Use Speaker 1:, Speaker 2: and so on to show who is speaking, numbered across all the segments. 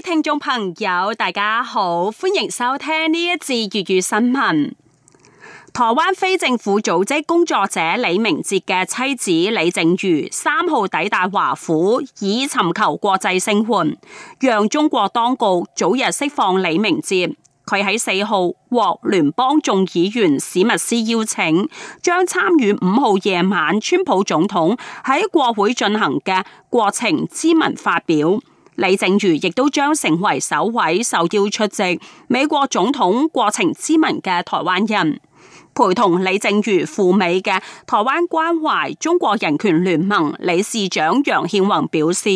Speaker 1: 聽眾朋友，大家好，歡迎收聽呢一次粵語新聞。台灣非政府組織工作者李明哲嘅妻子李凈瑜三號抵達華府，以尋求國際聲援，讓中國當局早日釋放李明哲。佢喺四號獲聯邦眾議員史密斯邀請，將參與五號夜晚川普總統喺國會進行嘅國情咨文發表。李凈瑜亦都將成為首位受邀出席美國總統國情咨文嘅台灣人。陪同李凈瑜赴美嘅台灣關懷中國人權聯盟理事長楊憲宏表示。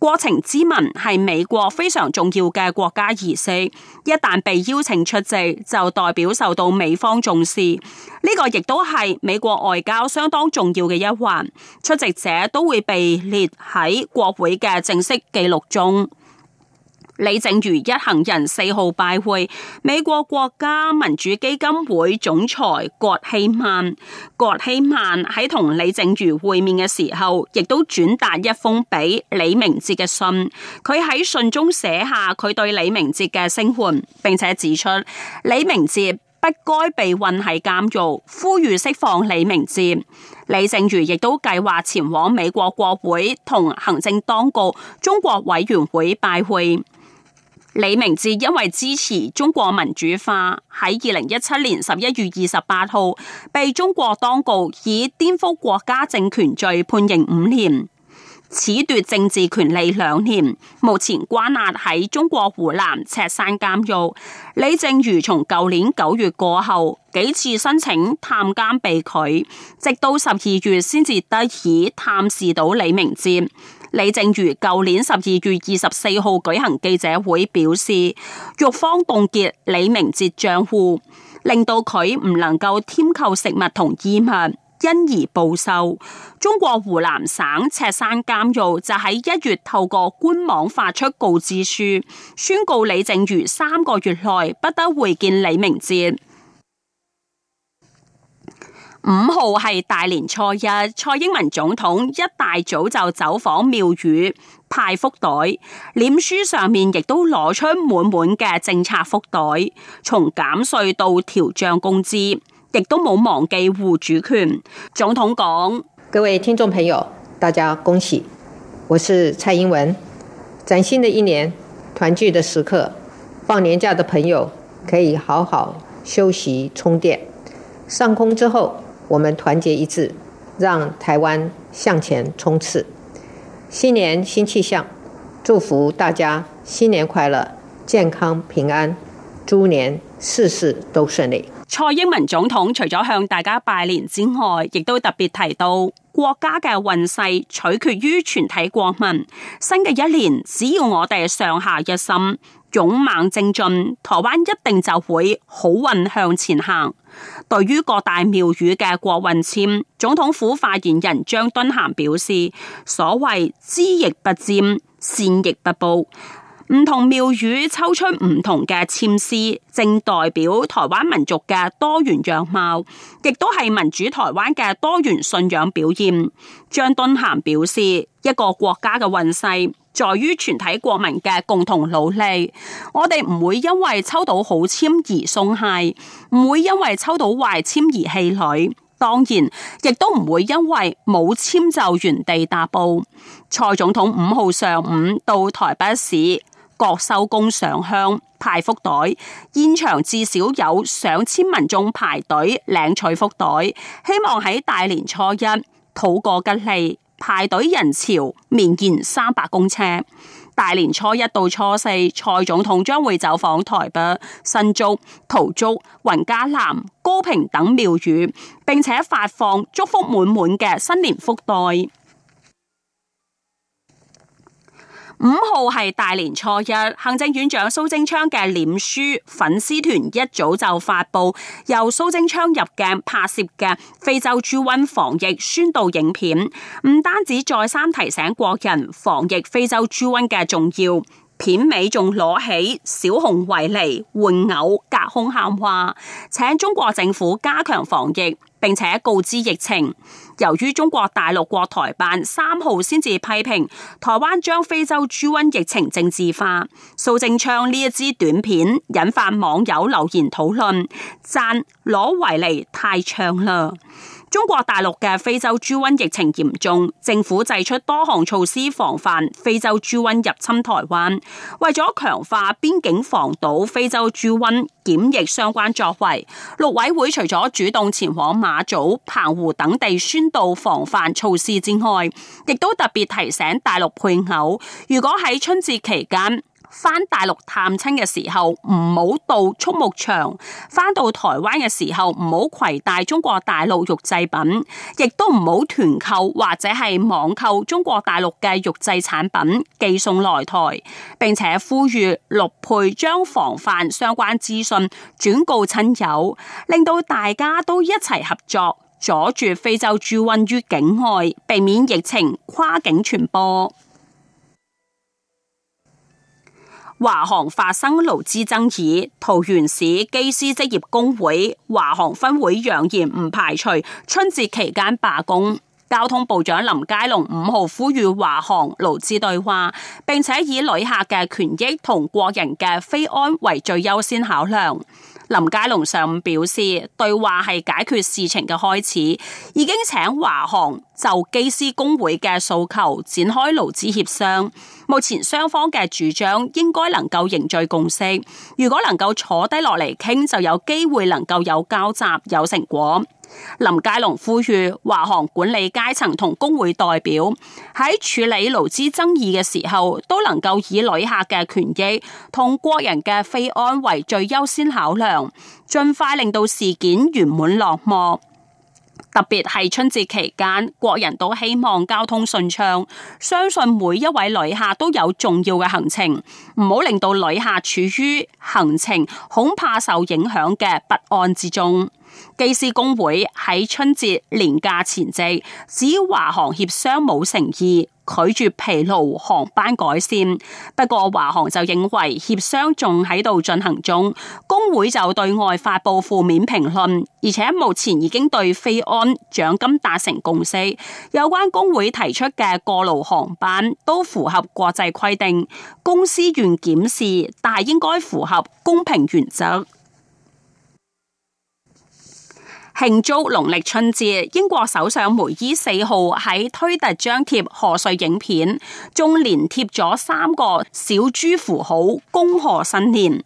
Speaker 1: 國情咨文係美國非常重要嘅國家儀式，一旦被邀請出席，就代表受到美方重視。呢、這個亦都係美國外交相當重要嘅一環，出席者都會被列喺國會嘅正式記錄中。李正如一行人四號拜會美國國家民主基金會總裁郭希曼。郭希曼喺同李正如會面嘅時候，亦都轉達一封俾李明哲嘅信。佢喺信中寫下佢對李明哲嘅聲援，並且指出李明哲不該被運系監獄，呼籲釋放李明哲。李正如亦都計劃前往美國國會同行政當局中國委員會拜會。李明哲因為支持中國民主化，喺二零一七年十一月二十八號被中國當局以顛覆國家政權罪判刑五年，褫奪政治權利兩年，目前關押喺中國湖南赤山監獄。李凈瑜從舊年九月過後幾次申請探監被拒，直到十二月先至得以探視到李明哲。李凈瑜舊年十二月二十四號舉行記者會表示，獄方凍結李明哲賬戶，令到佢唔能夠添購食物同衣物，因而暴瘦。中國湖南省赤山監獄就喺一月透過官網發出告知書，宣告李凈瑜三個月內不得會見李明哲。五號係大年初一，蔡英文總統一大早就走訪廟宇派福袋，臉書上面亦都攞出滿滿嘅政策福袋，從減稅到調漲工資，亦都冇忘記護主權。總統講：各位聽眾朋友，大家恭喜，我是蔡英文，嶄新的一年，團聚的時刻，放年假的朋友可以好好休息充電，上空之後。我們團結一致，讓台灣向前衝刺。新年新氣象，祝福大家新年快樂、健康平安，豬年事事都順利。蔡英文總統除咗向大家拜年之外，亦都特別提到國家嘅運勢取決於全體國民。新嘅一年，只要我哋上下一心、勇猛精進，台灣一定就會好運向前行。對於各大廟宇嘅國運籤，總統府發言人張惇涵表示：所謂知亦不占，善亦不報，唔同廟宇抽出唔同嘅籤詩，正代表台灣民族嘅多元樣貌，亦都係民主台灣嘅多元信仰表現。張惇涵表示：一個國家嘅運勢。在於全體國民嘅共同努力，我哋唔會因為抽到好簽而鬆懈，唔會因為抽到壞簽而氣餒，當然亦都唔會因為冇簽就原地踏步。蔡總統五號上午到台北市覺修宮上香派福袋，現場至少有上千民眾排隊領取福袋，希望喺大年初一討個吉利。排隊人潮綿延三百公尺，大年初一到初四，蔡總統將會走訪台北新竹桃竹雲嘉南高平等廟宇，並且發放祝福滿滿嘅新年福袋。五號係大年初一，行政院長蘇貞昌嘅臉書粉絲團一早就發布由蘇貞昌入鏡拍攝嘅非洲豬瘟防疫宣導影片，唔單止再三提醒國人防疫非洲豬瘟嘅重要，片尾仲攞起小熊維尼玩偶隔空喊話，請中國政府加強防疫，並且告知疫情，由於中國大陸國台辦三號先至批評台灣將非洲豬瘟疫情政治化，蘇貞昌呢一支短片引發網友留言討論，讚攞維尼太長啦。中國大陸嘅非洲豬瘟疫情嚴重，政府祭出多項措施防範非洲豬瘟入侵台灣。為咗強化邊境防堵非洲豬瘟檢疫相關作為，陸委會除咗主動前往馬祖、澎湖等地宣導防範措施之外，亦都特別提醒大陸配偶，如果喺春節期間，返大陸探親嘅時候唔好到畜牧場，返到台灣嘅時候唔好攜帶中國大陸肉製品，亦都唔好團購或者係網購中國大陸嘅肉製產品寄送來台，並且呼籲陸配將防範相關資訊轉告親友，令到大家都一齊合作，阻住非洲豬瘟於境外，避免疫情跨境傳播。華航發生勞資爭議，桃園市機師職業工會華航分會揚言唔排除春節期間罷工。交通部長林佳龍五號呼籲華航勞資對話，並且以旅客嘅權益同國人嘅飛安為最優先考量。林佳龍上午表示，對話係解決事情嘅開始，已經請華航就機師工會嘅訴求展開勞資協商。目前雙方嘅主張應該能夠凝聚共識，如果能夠坐低落嚟傾，就有機會能夠有交集、有成果。林佳龍呼籲華航管理階層同工會代表喺處理勞資爭議嘅時候，都能夠以旅客嘅權益同國人嘅飛安為最優先考量，盡快令到事件圓滿落幕。特別係春節期間，國人都希望交通順暢。相信每一位旅客都有重要嘅行程，唔好令到旅客處於行程恐怕受影響嘅不安之中。機師工會喺春節年假前夕，指華航協商冇誠意。拒絕疲勞航班改善，不過華航就認為協商仲喺度進行中，工會就對外發布負面評論，而且目前已經對飛安獎金達成共識。有關工會提出嘅過勞航班都符合國際規定，公司願檢視，但係應該符合公平原則。慶祝農曆春節，英國首相梅伊四號喺推特張貼賀歲影片，仲連貼咗三個小豬符號恭賀新年。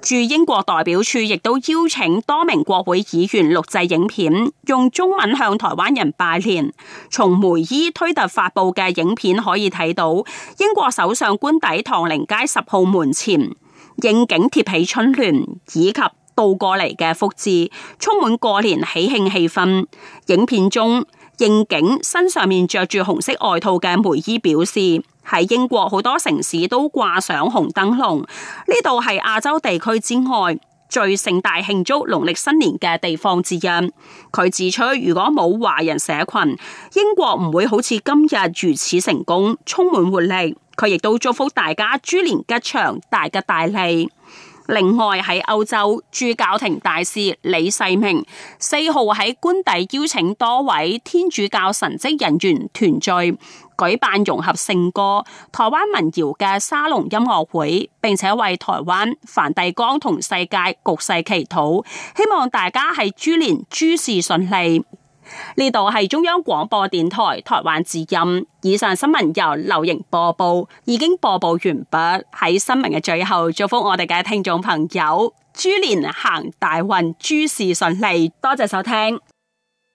Speaker 1: 駐英國代表處亦都邀請多名國會議員錄製影片，用中文向台灣人拜年。從梅伊推特發佈嘅影片可以睇到，英國首相官邸唐寧街十號門前應景貼起春聯，以及倒過嚟嘅福字，充滿過年喜慶氣氛。影片中應景，身上面着住紅色外套嘅梅姨表示，喺英國好多城市都掛上紅燈籠，呢度係亞洲地區之外最盛大慶祝農曆新年嘅地方之一。佢自吹如果冇華人社群，英國唔會好似今日如此成功，充滿活力。佢亦都祝福大家豬年吉祥，大吉大利。另外喺歐洲，駐教廷大使李世明四號喺官邸邀請多位天主教神職人員團聚，舉辦融合聖歌、台灣民謠嘅沙龍音樂會，並且為台灣、梵蒂岡同世界局勢祈禱，希望大家喺豬年諸事順利。呢度係中央廣播電台台灣之音。以上新聞由劉瑩播報，已經播報完畢。喺新聞嘅最後，祝福我哋嘅聽眾朋友，豬年行大運，諸事順利。多謝收聽。